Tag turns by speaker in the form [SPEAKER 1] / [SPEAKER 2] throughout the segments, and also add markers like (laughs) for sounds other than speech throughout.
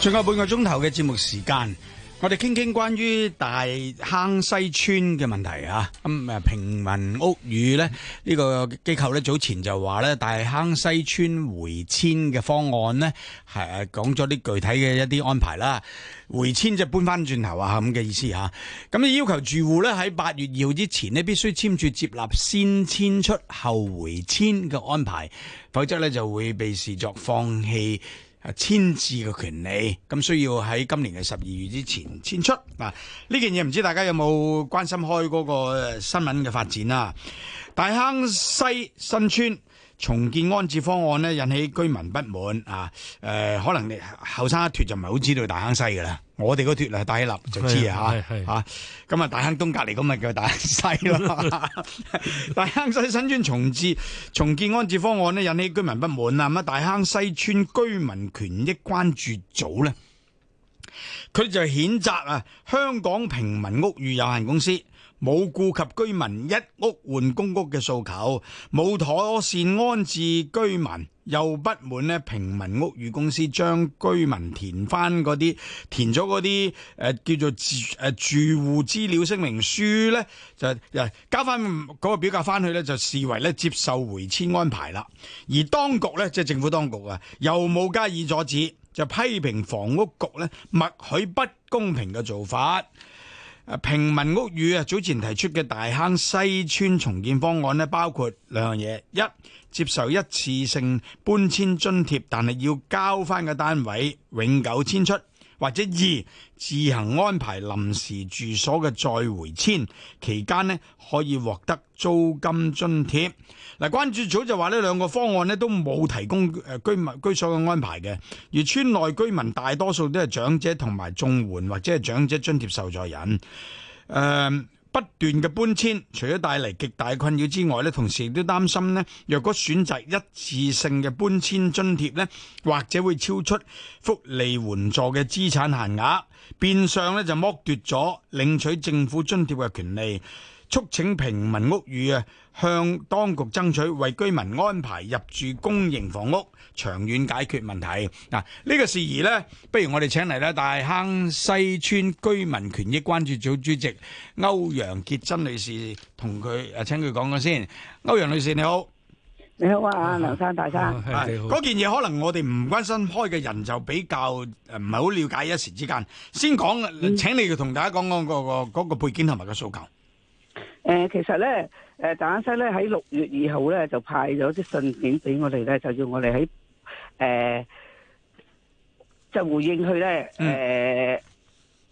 [SPEAKER 1] 仲有半個鐘頭嘅節目時間，我哋傾傾關於大坑西邨嘅問題啊！咁誒，平民屋宇咧，呢個機構咧早前就話咧，大坑西邨回遷嘅方案呢，係講咗啲具體嘅一啲安排啦。回遷就搬返轉頭啊，咁嘅意思吓。咁要求住戶咧喺八月二號之前呢，必須簽署接納先遷出後回遷嘅安排，否則咧就會被視作放棄。啊，簽字嘅權利，咁需要喺今年嘅十二月之前簽出。啊。呢件嘢唔知大家有冇關心開嗰個新聞嘅發展啦？大坑西新村。重建安置方案呢，引起居民不滿啊！誒、呃，可能你後生一脱就唔係好知道大坑西噶啦，我哋個脱啊大起立就知啊吓吓，咁啊大坑東隔籬咁咪叫大坑西咯。 (laughs) 大坑西新村重置重建安置方案呢，引起居民不滿啦，大坑西村居民權益關注組咧，佢就譴責啊香港平民屋宇有限公司。冇顧及居民一屋換公屋嘅訴求，冇妥善安置居民，又不滿呢平民屋宇公司將居民填翻嗰啲填咗嗰啲叫做、呃、住戶資料聲明書呢就加交翻嗰個表格翻去呢就視為接受回遷安排啦。而當局呢，即係政府當局啊，又冇加以阻止，就批評房屋局呢默許不公平嘅做法。啊，平民屋宇啊，早前提出嘅大坑西邨重建方案咧，包括兩樣嘢，一接受一次性搬遷津貼，但係要交翻嘅單位永久遷出。或者二，自行安排臨時住所嘅，再回遷期間呢，可以獲得租金津貼。嗱，關注組就話呢兩個方案呢，都冇提供居民居所嘅安排嘅，而村內居民大多數都係長者同埋綜援或者係長者津貼受助人。呃不斷嘅搬遷，除咗帶嚟極大困擾之外咧，同時亦都擔心咧，若果選擇一次性嘅搬遷津貼咧，或者會超出福利援助嘅資產限額，變相咧就剝奪咗領取政府津貼嘅權利，促請平民屋宇啊，向當局爭取為居民安排入住公營房屋，長遠解決問題。嗱，呢個事宜呢，不如我哋請嚟咧大坑西邨居民權益關注組主席歐陽潔珍女士同佢啊，請佢講講先。歐陽女士你好，你好啊，梁
[SPEAKER 2] 生大生，嗰
[SPEAKER 1] 件嘢可能我哋唔關心開嘅人就比較唔係好了解，一時之間先講。請你同大家講講嗰個嗰個嗰個背景同埋個訴求。
[SPEAKER 2] 誒、呃，其實咧，誒、呃，大坑西咧喺六月二號咧就派咗啲信件俾我哋咧，就要我哋喺誒就回應佢咧，誒、嗯呃、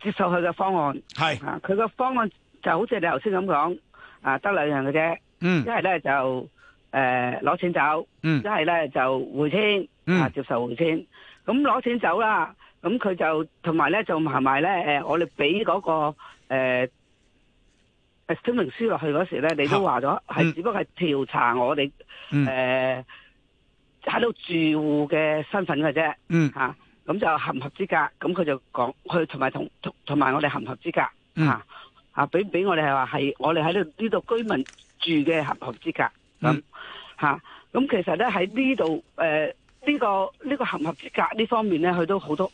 [SPEAKER 2] 接受佢嘅方案。係是，佢個、啊、方案就好似你頭先咁講，啊得兩樣嘅啫，一係咧就誒攞、呃、錢走，一係咧就回遷，嗯、啊接受回遷。咁、嗯、攞、嗯嗯、錢走啦，咁、嗯、佢就同埋咧就埋埋咧，誒我哋俾嗰個誒。呃誒聲明書落去嗰時咧，你都話咗係，只不過係調查我哋誒喺度住戶嘅身份嘅啫。嗯，咁、啊、就合唔合資格？咁佢就講佢同埋同同埋我哋合唔合資格？吓啊俾俾我哋係話係我哋喺度呢度居民住嘅合唔合資格？咁、啊、咁、嗯啊、其實咧喺呢度誒呢個呢、呢個合唔合資格呢方面咧，佢都好多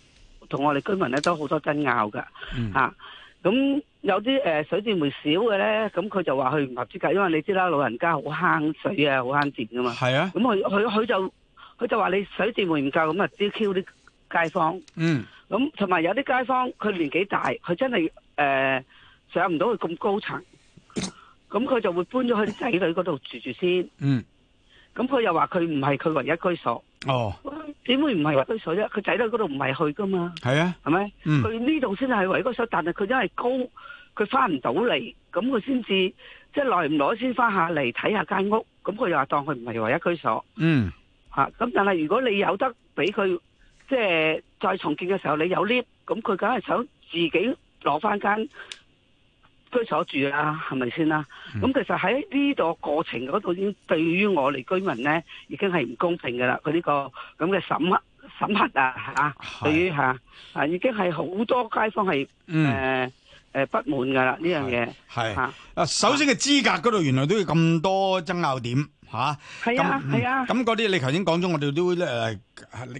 [SPEAKER 2] 同我哋居民咧都好多爭拗㗎。嗯、啊，咁。有啲、呃、水電煤少嘅咧，咁佢就話佢唔合資格，因為你知啦，老人家好慳水啊，好慳電㗎嘛。係啊，咁佢佢佢就佢就話你水電煤唔夠，咁啊 DQ 啲街坊。嗯，咁同埋有啲街坊佢年紀大，佢真係誒、呃、上唔到去咁高層，咁佢 (coughs) 就會搬咗去仔女嗰度住住先。嗯，咁佢又話佢唔係佢唯一居所。哦。點會唔係唯一居所啫？佢仔女嗰度唔係去噶嘛？係啊，係咪吧？嗯，佢呢度先係唯一居所，但係佢因為高，佢翻唔到嚟，咁佢先至即係耐唔耐先翻下嚟睇下間屋，咁佢又話當佢唔係唯一居所。嗯，吓咁、啊，但係如果你有得俾佢，即係再重建嘅時候你有 lift，咁佢梗係想自己攞翻間，居所住啦、啊，係咪先啦？咁、嗯、其實喺呢個過程嗰度、啊是啊，已經對於我哋居民咧，已經係唔公平噶啦。佢呢個咁嘅審核審核啊，嚇！對於嚇嚇，已經係好多街坊係誒誒不滿噶啦呢樣嘢。
[SPEAKER 1] 係嚇，啊，首先嘅資格嗰度原來都要咁多爭拗點。吓，咁咁嗰啲，你頭先講咗，我哋都誒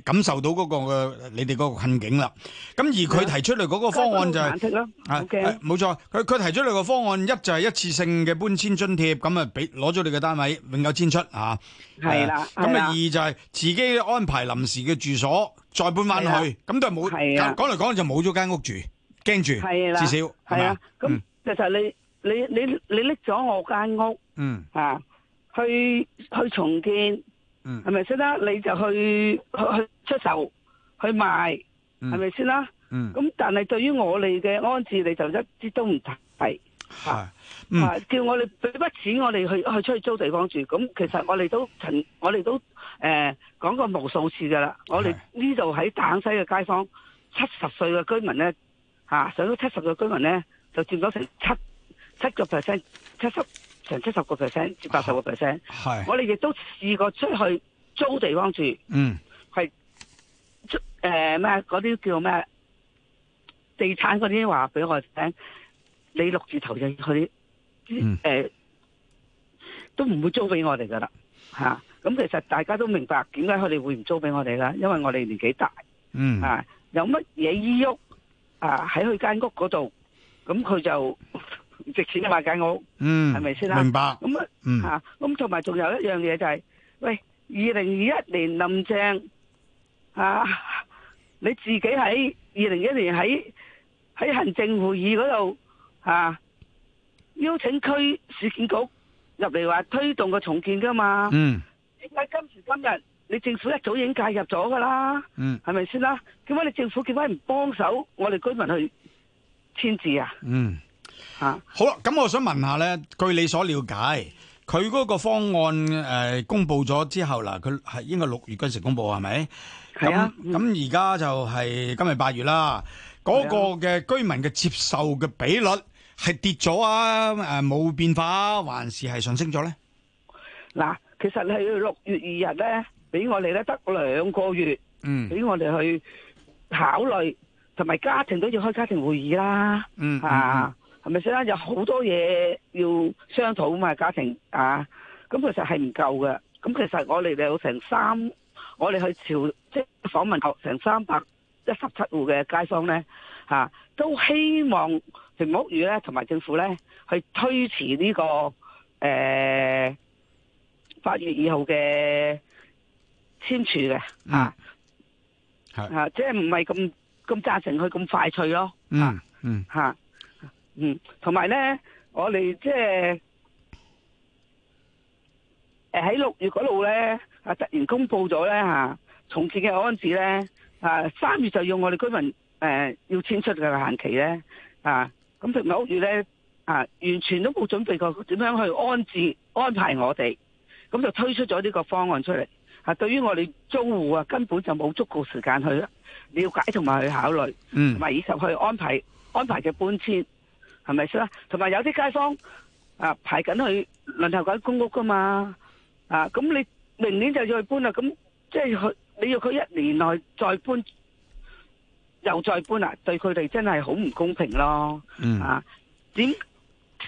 [SPEAKER 1] 感受到嗰個嘅你哋嗰個困境啦。咁而佢提出嚟嗰個方案就係，啊，冇錯，佢佢提出嚟個方案一就係一次性嘅搬遷津貼，咁啊俾攞咗你嘅單位永久遷出嚇。係啦，咁啊二就係自己安排臨時嘅住所，再搬翻去，咁都係冇講嚟講去就冇咗間屋住，驚住至少係啊。咁其實你你你你拎
[SPEAKER 2] 咗我間屋，嗯嚇。去去重建，係咪先啦？你就去去去出售，去賣，
[SPEAKER 3] 係咪先
[SPEAKER 2] 啦？咁吧、嗯、但係對於我哋嘅安置，你就一啲都唔提，係，叫我哋俾筆錢我哋去去出去租地方住，咁其實我哋都陳，我哋都誒講、呃、過無數次噶啦是我哋呢度喺大坑西嘅街坊，七十歲嘅居民咧，吓、啊、上到七十個居民咧，就佔咗成七七個 percent，七十，成七十個 percent 至八十個 percent，我哋亦都試過出去租地方住，係誒咩嗰啲叫咩地產嗰啲話俾我聽，你六字頭就去啲誒、呃嗯、都唔會租俾我哋噶啦吓。咁、嗯啊、其實大家都明白點解佢哋會唔租俾我哋啦，因為我哋年紀大，嗯、啊有乜嘢依郁，啊喺佢間屋嗰度，咁佢就。值錢嘅賣間屋，嗯，係咪先啦？明白。咁啊，吓，咁同埋仲有一樣嘢就係，喂，二零二一年林鄭，啊，你自己喺二零一年喺喺行政會議嗰度，啊，邀請區市建局入嚟話推動個重建噶嘛？嗯。點解今時今日你政府一早已經介入咗噶啦？嗯。係咪先啦？點解你政府點解唔幫手我哋居民去簽字啊？嗯。
[SPEAKER 1] 啊，好啦，咁我想問下咧，據你所了解，佢嗰個方案誒公布咗之後嗱，佢係應該六月嗰陣時公布係咪？係啊，咁而家就係今日八月啦。嗰個嘅居民嘅接受嘅比率係跌咗啊？誒，冇變化啊？還是係上升咗咧？
[SPEAKER 2] 嗱，其實你係六月二日咧，俾我哋咧得兩個月，俾我哋去考慮，同埋家庭都要開家庭會議啦。
[SPEAKER 3] 嗯啊。
[SPEAKER 2] 係咪先啦？有好多嘢要商討嘛，家庭啊，咁、嗯、其實係唔夠嘅。咁、嗯、其實我哋有成三，我哋去朝即係訪問成三百一十七戶嘅街坊咧，吓、啊、都希望成屋宇咧，同埋政府咧，去推遲呢、呢個誒八、呃、月二號嘅簽署嘅
[SPEAKER 3] 啊，
[SPEAKER 2] 吓、嗯啊、即係唔係咁咁贊成佢咁快脆咯，啊、嗯嗯吓。嗯，同埋咧，我哋即係誒喺六月嗰度咧，啊突然公布咗咧吓，重建嘅安置咧，啊三月就要我哋居民誒要遷出嘅限期咧，啊咁就九月咧，啊完全都冇準備過點樣去安置安排我哋，咁就推出咗呢個方案出嚟。啊，對於我哋租戶啊，根本就冇足夠時間去了解同埋去考慮，嗯，同埋以及去安排安排嘅搬遷。係咪先啦，同埋有啲街坊啊，排緊去輪候緊公屋噶嘛啊！咁你明年就要去搬啦，咁即係你要佢一年內再搬又再搬啊？對佢哋真係好唔公平咯！嗯、啊，點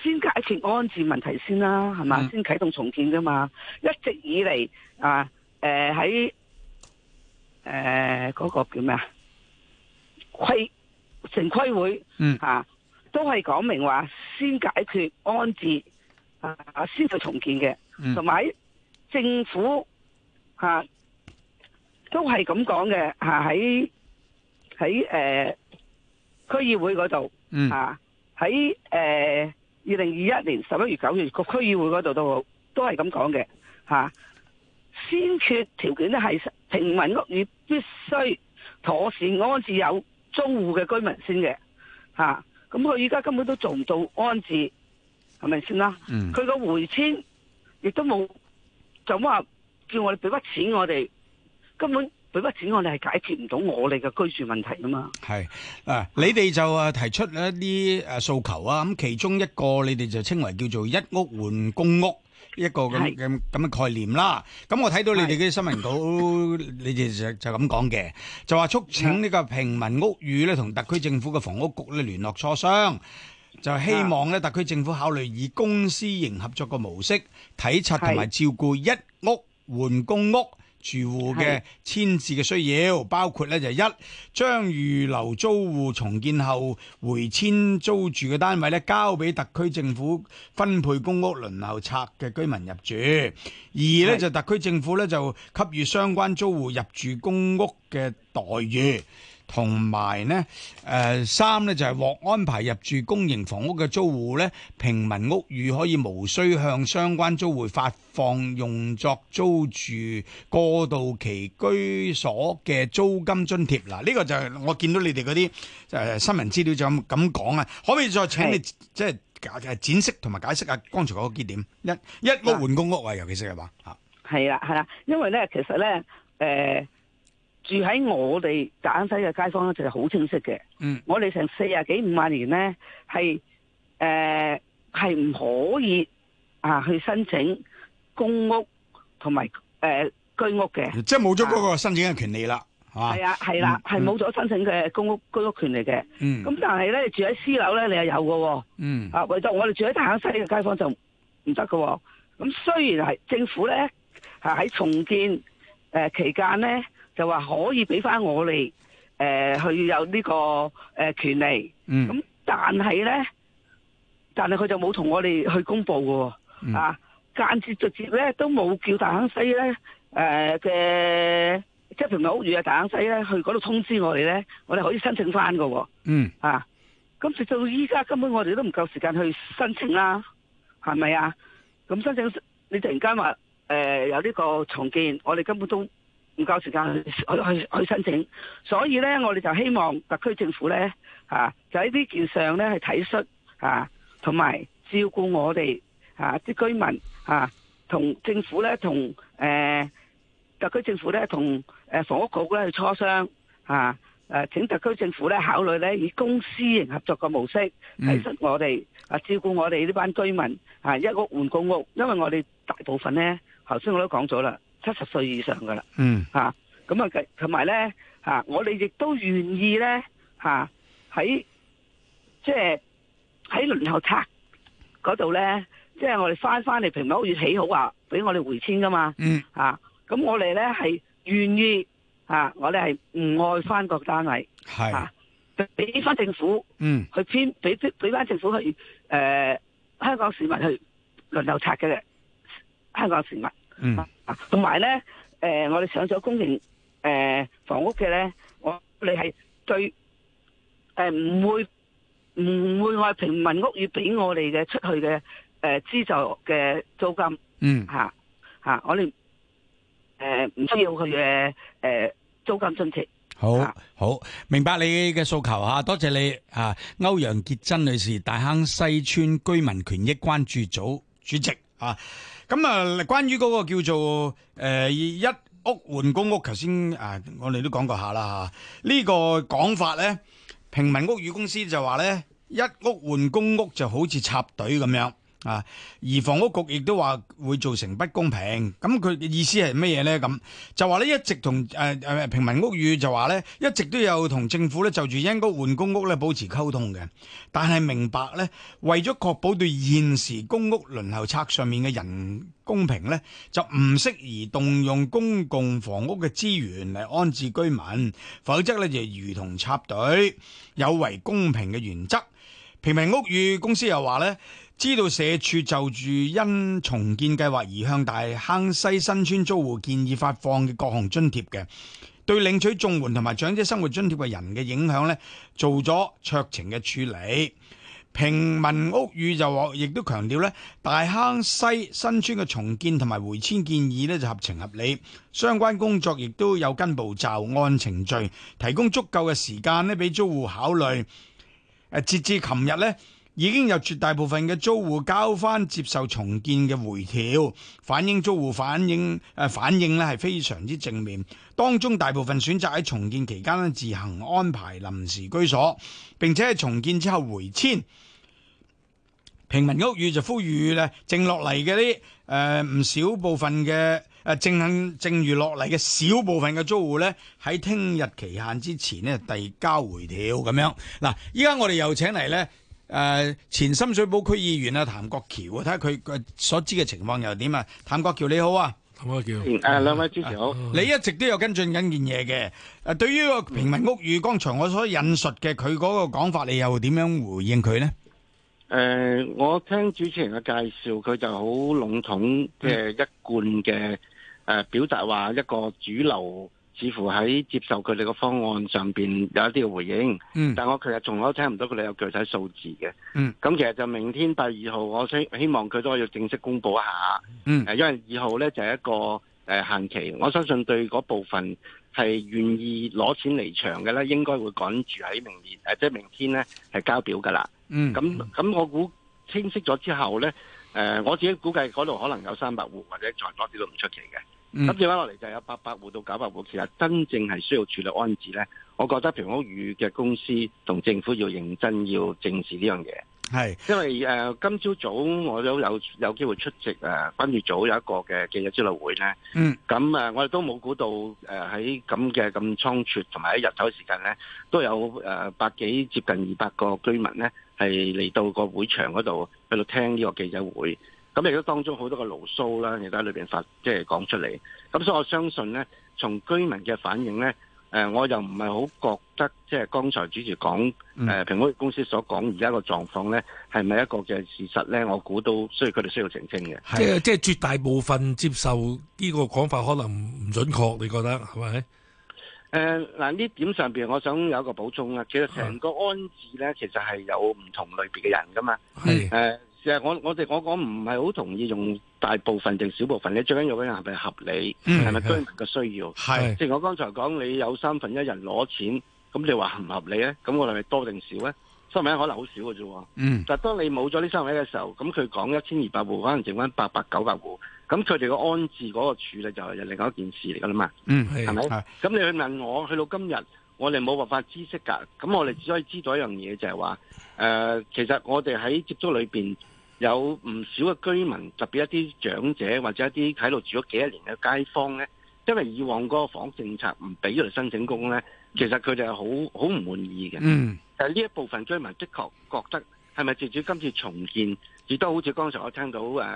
[SPEAKER 2] 先解決安置問題先啦、啊？係嘛，嗯、先啟動重建㗎嘛？一直以嚟啊，誒喺誒嗰個叫咩、嗯、啊？規城規會吓。都係講明話先解決安置啊，先去重建嘅，同埋、嗯、政府吓、啊、都係咁講嘅吓，喺喺誒區議會嗰度吓，喺誒二零二一年十一月九月個區議會嗰度都好，都係咁講嘅吓，先決條件咧係平民屋宇必須妥善安置有租戶嘅居民先嘅吓。啊咁佢依家根本都做唔到安置，係咪先啦？佢個回遷亦都冇，就噉話叫我哋俾筆錢我哋，根本俾筆錢我哋係解決唔到我哋嘅居住問題噶嘛？
[SPEAKER 1] 係啊，你哋就啊提出一啲誒訴求啊，咁其中一個你哋就稱為叫做一屋換公屋。一個咁咁咁嘅概念啦，咁是我睇到你哋啲新聞稿， (laughs) 你哋就就咁講嘅，就話促請呢個平民屋宇咧同特區政府嘅房屋局咧聯絡磋商，就希望咧特區政府考慮以公私營合作嘅模式，體察同埋照顧一屋換公屋。住戶嘅遷置嘅需要，包括咧就一，將預留租戶重建後回遷租住嘅單位咧，交俾特區政府分配公屋輪候冊嘅居民入住；二咧，就特區政府咧就給予相關租戶入住公屋嘅待遇。同埋呢誒三呢，呃、三就係獲安排入住公營房屋嘅租戶呢，平民屋宇可以無需向相關租戶發放用作租住過渡期居所嘅租金津貼。嗱、啊，呢、這個就係我見到你哋嗰啲誒新聞資料就咁講啊，可唔可以再請你即係解釋同埋解釋，解釋下剛才嗰個結點，一一屋換公屋啊，尤其是係嘛
[SPEAKER 2] 係啦係啦，因為呢，其實呢。誒、呃。住喺我哋大坑西嘅街坊咧，就係好清晰嘅。嗯，我哋成四廿幾五十年咧，係誒係唔可以啊去申請公屋同埋誒居屋嘅。
[SPEAKER 1] 即係冇咗嗰個申請嘅權利啦，係啊，係啦、啊，係冇咗
[SPEAKER 2] 申請嘅公屋居、嗯、屋權利嘅。嗯，咁但係咧住喺私樓咧，你又有嘅喎、啊。嗯，啊，唯獨我哋住喺大坑西嘅街坊就唔得喎。咁雖然係政府咧喺重建誒、呃、期間咧。就話可以俾翻我哋，誒、呃，去有呢、這個誒、呃、權利，咁、嗯、但係咧，但係佢就冇同我哋去公布嘅，嗯、啊，間接直接咧都冇叫大坑西咧，誒嘅即係平民屋宇啊大坑西咧去嗰度通知我哋咧，我哋可以申請翻嘅，嗯啊，咁直到依家根本我哋都唔夠時間去申請啦，係咪啊？咁申請你突然間話誒有呢個重建，我哋根本都。唔夠時間去去去申請，所以咧，我哋就希望特區政府咧就喺呢件上咧去體恤同埋照顧我哋啲居民同政府咧，同誒特區政府咧，同誒房屋局咧去磋商嚇，請特區政府咧考慮咧，以公私營合作嘅模式
[SPEAKER 3] 體恤
[SPEAKER 2] 我哋啊，照顧我哋呢班居民一屋換一屋，因為我哋大部分咧，頭先我都講咗啦。七十歲以上噶
[SPEAKER 3] 啦，
[SPEAKER 2] 嗯，吓咁啊，同埋咧，吓、啊、我哋亦都願意咧，吓喺即係喺輪候拆嗰度咧，即係我哋翻翻嚟平好要起好啊俾我哋回遷噶嘛，嗯，吓咁、啊、我哋咧係願意、啊、我哋係唔愛翻個單位，
[SPEAKER 3] 係是，
[SPEAKER 2] 俾翻、啊、政府，嗯，去編，俾俾翻政府去，誒、呃，香港市民去輪候拆嘅，香港市民，嗯。同埋咧，誒，我哋上咗公營誒房屋嘅咧，我你係對誒唔會唔會話平民屋宇俾我哋嘅出去嘅誒資助嘅租金，嗯嚇嚇，我哋誒唔需要佢嘅誒租金津貼。
[SPEAKER 1] 好好明白你嘅訴求嚇，多謝你嚇，歐陽潔珍女士，大坑西邨居民權益關注組主席。啊，咁啊，關於嗰個叫做誒、呃、一屋換公屋，頭先啊我哋都講過下啦吓，啊這個、呢個講法咧，平民屋宇公司就話咧，一屋換公屋就好似插隊咁樣。啊！而房屋局亦都話會造成不公平，咁佢嘅意思係乜嘢呢？咁就話呢一直同誒誒平民屋宇就話呢一直都有同政府呢就住因公換公屋呢保持溝通嘅，但係明白呢為咗確保對現時公屋輪候冊上面嘅人公平呢就唔適宜動用公共房屋嘅資源嚟安置居民，否則呢就如同插隊，有違公平嘅原則。平民屋宇公司又話呢。知道社署就住因重建計劃而向大坑西新村租戶建議發放嘅各項津貼嘅，對領取綜援同埋長者生活津貼嘅人嘅影響呢，做咗酌情嘅處理。平民屋宇就亦都強調呢，大坑西新村嘅重建同埋回遷建議呢就合情合理，相關工作亦都有跟步驟按程序提供足夠嘅時間呢，俾租戶考慮。啊，截至琴日呢。已經有絕大部分嘅租戶交翻接受重建嘅回條，反映租戶反映、呃、反應呢係非常之正面。當中大部分選擇喺重建期間咧自行安排臨時居所，並且喺重建之後回遷。平民屋宇就呼籲剩落嚟嘅啲誒唔少部分嘅剩剩餘落嚟嘅少部分嘅租戶呢喺聽日期限之前咧遞交回條咁樣。嗱，依家我哋又請嚟呢。誒，前深水埗區議員啊，譚國僑，睇下佢所知嘅情況又點啊？譚國僑你好啊，譚國僑，誒、嗯，兩位主持人好，你一直都有跟進緊件嘢嘅。誒，對於個平民屋宇，剛才我所引述嘅佢嗰個講法，你又點樣回應佢咧？誒、呃，我聽主持
[SPEAKER 4] 人嘅介紹，佢就好籠統嘅、即係、一貫嘅誒表達，話一個主流。似乎喺接受佢哋嘅方案上邊有一啲嘅回應，嗯、但我其實仲都聽唔到佢哋有具體數字嘅。咁、嗯、其實就明天第二號，我想希望佢都可以正式公布一下。誒、嗯，因為二號咧就係、是、一個誒、呃、限期，我相信對嗰部分係願意攞錢離場嘅咧，應該會趕住喺明年誒，即係明天咧係交表㗎啦。咁咁、嗯、我估清晰咗之後咧，誒、呃、我自己估計嗰度可能有三百戶或者再多啲都唔出奇嘅。咁、嗯、接翻落嚟就有八百戶到九百戶，其實真正係需要處理安置咧，我覺得平屋宇嘅公司同政府要認真要正視呢樣嘢。是因為誒、呃、今朝早，早我都有有機會出席誒關注組有一個嘅記者招待會咧。嗯。咁、啊、我哋都冇估到誒喺咁嘅咁倉促同埋喺日頭時間咧，都有誒百幾接近二百個居民咧係嚟到個會場嗰度喺度聽呢個記者會。咁亦都當中好多個牢騷啦，亦都喺裏邊發即係講出嚟。咁所以我相信咧，從居民嘅反應咧、呃，我又唔係好覺得即係剛才主持講誒平屋公司所講而家個狀況咧，係咪一個嘅事實咧？我估到，所以佢哋需要澄清嘅。的的即即係絕大部分接受呢個講法，可能唔準確，你覺得係咪？誒嗱，呢、呃、點上面我想有一個補充啦、啊。其實成個安置咧，的其實係有唔同類別嘅人噶嘛。的就係我我哋我講唔係好同意用大部分定少部分你最緊要嗰樣係咪合理，係咪、嗯、居民嘅需要？係的，即係我剛才講你有三分一人攞錢，咁你話唔合理咧？咁我哋咪多定少咧？三名可能好少嘅啫。嗯，但係當你冇咗呢三名嘅時候，咁佢講一千二百戶，可能剩翻八百九百戶，咁佢哋嘅安置嗰個處理就係、是、另外一件事嚟㗎啦嘛。嗯，係咪？咁的的你去問我，去到今日，我哋冇辦法知識㗎。咁我哋只可以知道一樣嘢，就係話誒，其實我哋喺接觸裏邊。有唔少嘅居民，特別一啲長者或者一啲喺度住咗幾多年嘅街坊咧，因為以往嗰個房政策唔俾佢申請公屋咧，其實佢哋係好好唔滿意嘅。嗯，呢一部分居民的確覺得係咪借住今次重建，亦都好似剛才我聽到誒、啊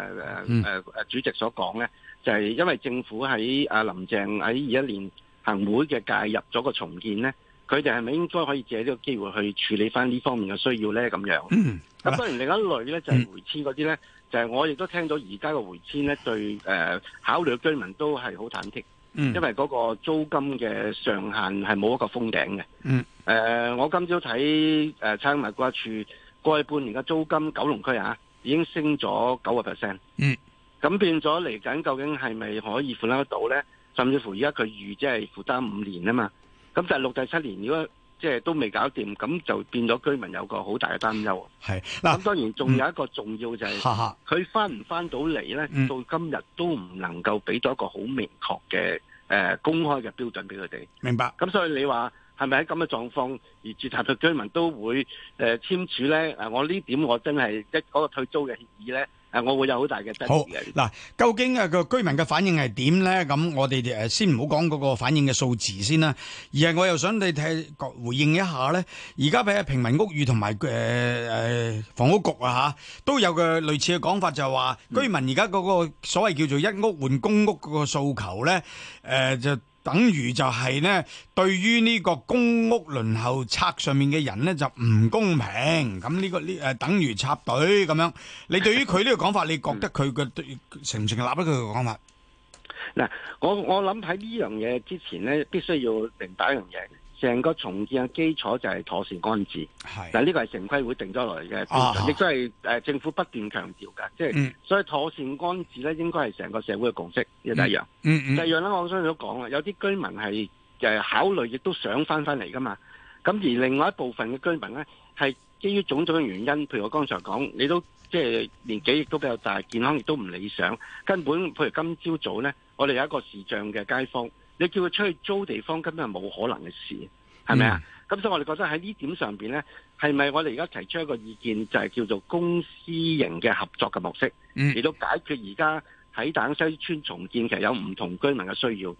[SPEAKER 4] 啊、主席所講咧，就係、是、因為政府喺林鄭喺二一年行會嘅介入咗個重建咧，佢哋係咪應該可以借呢個機會去處理翻呢方面嘅需要咧？咁樣。嗯。咁當然另一類咧就係、是、回遷嗰啲咧，嗯、就係我亦都聽咗而家嘅回遷咧，對誒、呃、考慮嘅居民都係好忐忑，嗯、因為嗰個租金嘅上限係冇一個封頂嘅。誒、嗯呃，我今朝睇誒差唔多物管處過去半年嘅租金，九龍區啊已經升咗九個 percent。咁、嗯、變咗嚟緊，究竟係咪可以負擔得到咧？甚至乎而家佢預即係負擔五年啊嘛，咁第六、第七年如果？即係都未搞掂，咁就變咗居民有一個好大嘅擔憂。係，嗱、啊，咁當然仲有一個重要就係佢翻唔翻到嚟咧？嗯、到今日都唔能夠俾到一個好明確嘅誒、呃、公開嘅標準俾佢哋。明白。咁所以你話係咪喺咁嘅狀況而接洽到居民都會誒、呃、簽署咧？啊，我呢點我真係一嗰個退租嘅協議咧。誒，我會有好大嘅質疑
[SPEAKER 1] 嘅，嗱，究竟誒個居民嘅反應係點咧？咁我哋誒先唔好講嗰個反應嘅數字先啦。而係我又想你睇回應一下咧。而家俾平民屋宇同埋誒誒房屋局啊吓都有個類似嘅講法，就係話居民而家嗰個所謂叫做一屋換公屋嗰個訴求咧，誒、呃、就。等於就係咧，對於呢個公屋輪候冊上面嘅人呢，就唔公平。咁呢、這個呢誒、呃，等於插隊咁樣。你對於佢呢個講法，你覺得佢嘅 (laughs) 成唔成立咧？佢嘅講法。嗱、嗯，我我諗
[SPEAKER 4] 喺呢樣嘢之前呢，必須要明白一樣嘢。成個重建嘅基礎就係妥善安置，是但係呢個係城規會定咗落嚟嘅標準，亦都係誒政府不斷強調嘅，嗯、即係所以妥善安置咧，應該係成個社會嘅共識，一、嗯、一樣。嗯嗯、第二樣咧，我想都講啊，有啲居民係誒、就是、考慮，亦都想返返嚟噶嘛。咁而另外一部分嘅居民咧，係基於種種嘅原因，譬如我剛才講，你都即係年紀亦都比較大，健康亦都唔理想，根本譬如今朝早咧，我哋有一個視障嘅街坊。你叫佢出去租地方根本係冇可能嘅事，係咪啊？咁、嗯、所以我哋覺得喺呢點上邊咧，係咪我哋而家提出一個意見，就係、是、叫做公私型嘅合作嘅模式，嚟到、嗯、解決而家喺大坑西邨重建其實有唔同居民嘅需要。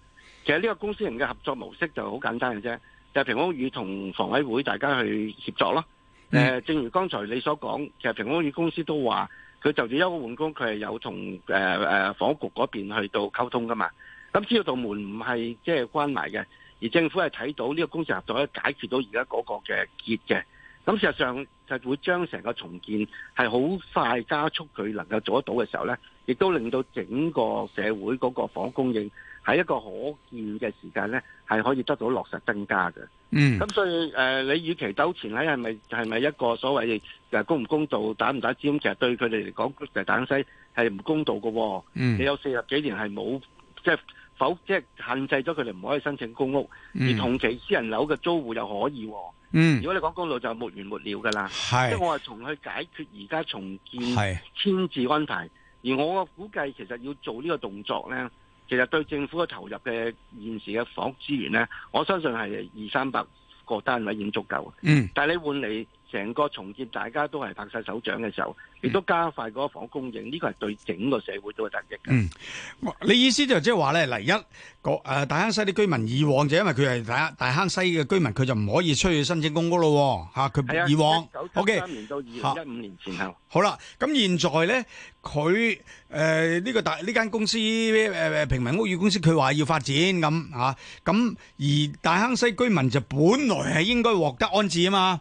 [SPEAKER 4] 其實呢個公私型嘅合作模式就好簡單嘅啫，就係、是、平民屋宇同房委會大家去協作咯。誒、嗯呃、正如剛才你所講，其實平民屋宇公司都話，佢就住休個換工，佢係有同誒誒房屋局嗰邊去到溝通噶嘛。咁知道道門唔係即係關埋嘅，而政府係睇到呢個工事合作解決到而家嗰個嘅結嘅。咁事實上就會將成個重建係好快加速佢能夠做得到嘅時候咧，亦都令到整個社會嗰個房供應喺一個可見嘅時間咧，係可以得到落實增加嘅。嗯，咁所以誒，你與其糾纏喺係咪係咪一個所謂誒公唔公道、打唔打尖，其實對佢哋嚟講，就大坑西係唔公道嘅。嗯，你有四十幾年係冇即係。否，即係限制咗佢哋唔可以申請公屋，嗯、而同期私人樓嘅租戶又可以了。嗯，如果你講公屋，就係沒完沒了噶啦。係是，即係我係從去解決而家重建遷置是安排，而我估計其實要做呢個動作咧，其實對政府嘅投入嘅現時嘅房屋資源咧，我相信係二三百個單位已經足夠。嗯，但係你換嚟。成個重建，大家都係拍晒手掌嘅時候，亦都加快嗰個房屋供應，呢個係對整個社會都係得益
[SPEAKER 1] 嘅。嗯，你意思就即係話咧，嚟一個、呃、大坑西啲居，居民，以往就因為佢係大大坑西嘅居民，佢就唔可以出去申請公屋咯，吓、啊、佢以往。O K，三年到二零一五年前後 okay,、啊。好啦，咁現在咧，佢誒呢個大呢間公司誒、呃、平民屋宇公司，佢話要發展咁吓，咁、啊啊啊、而大坑西居民就本來係應該獲得安置啊嘛。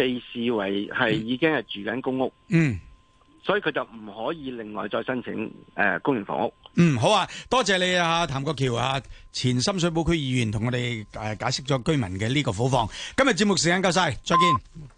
[SPEAKER 4] 被視為
[SPEAKER 1] 係已經係住
[SPEAKER 4] 緊公屋，嗯，所以佢就唔可以另外再申請
[SPEAKER 1] 誒、呃、公營房屋。嗯，好啊，多謝你啊，譚國僑啊，前深水埗區議員同我哋誒、呃、解釋咗居民嘅呢個苦況。今日節目時間夠晒，再見。嗯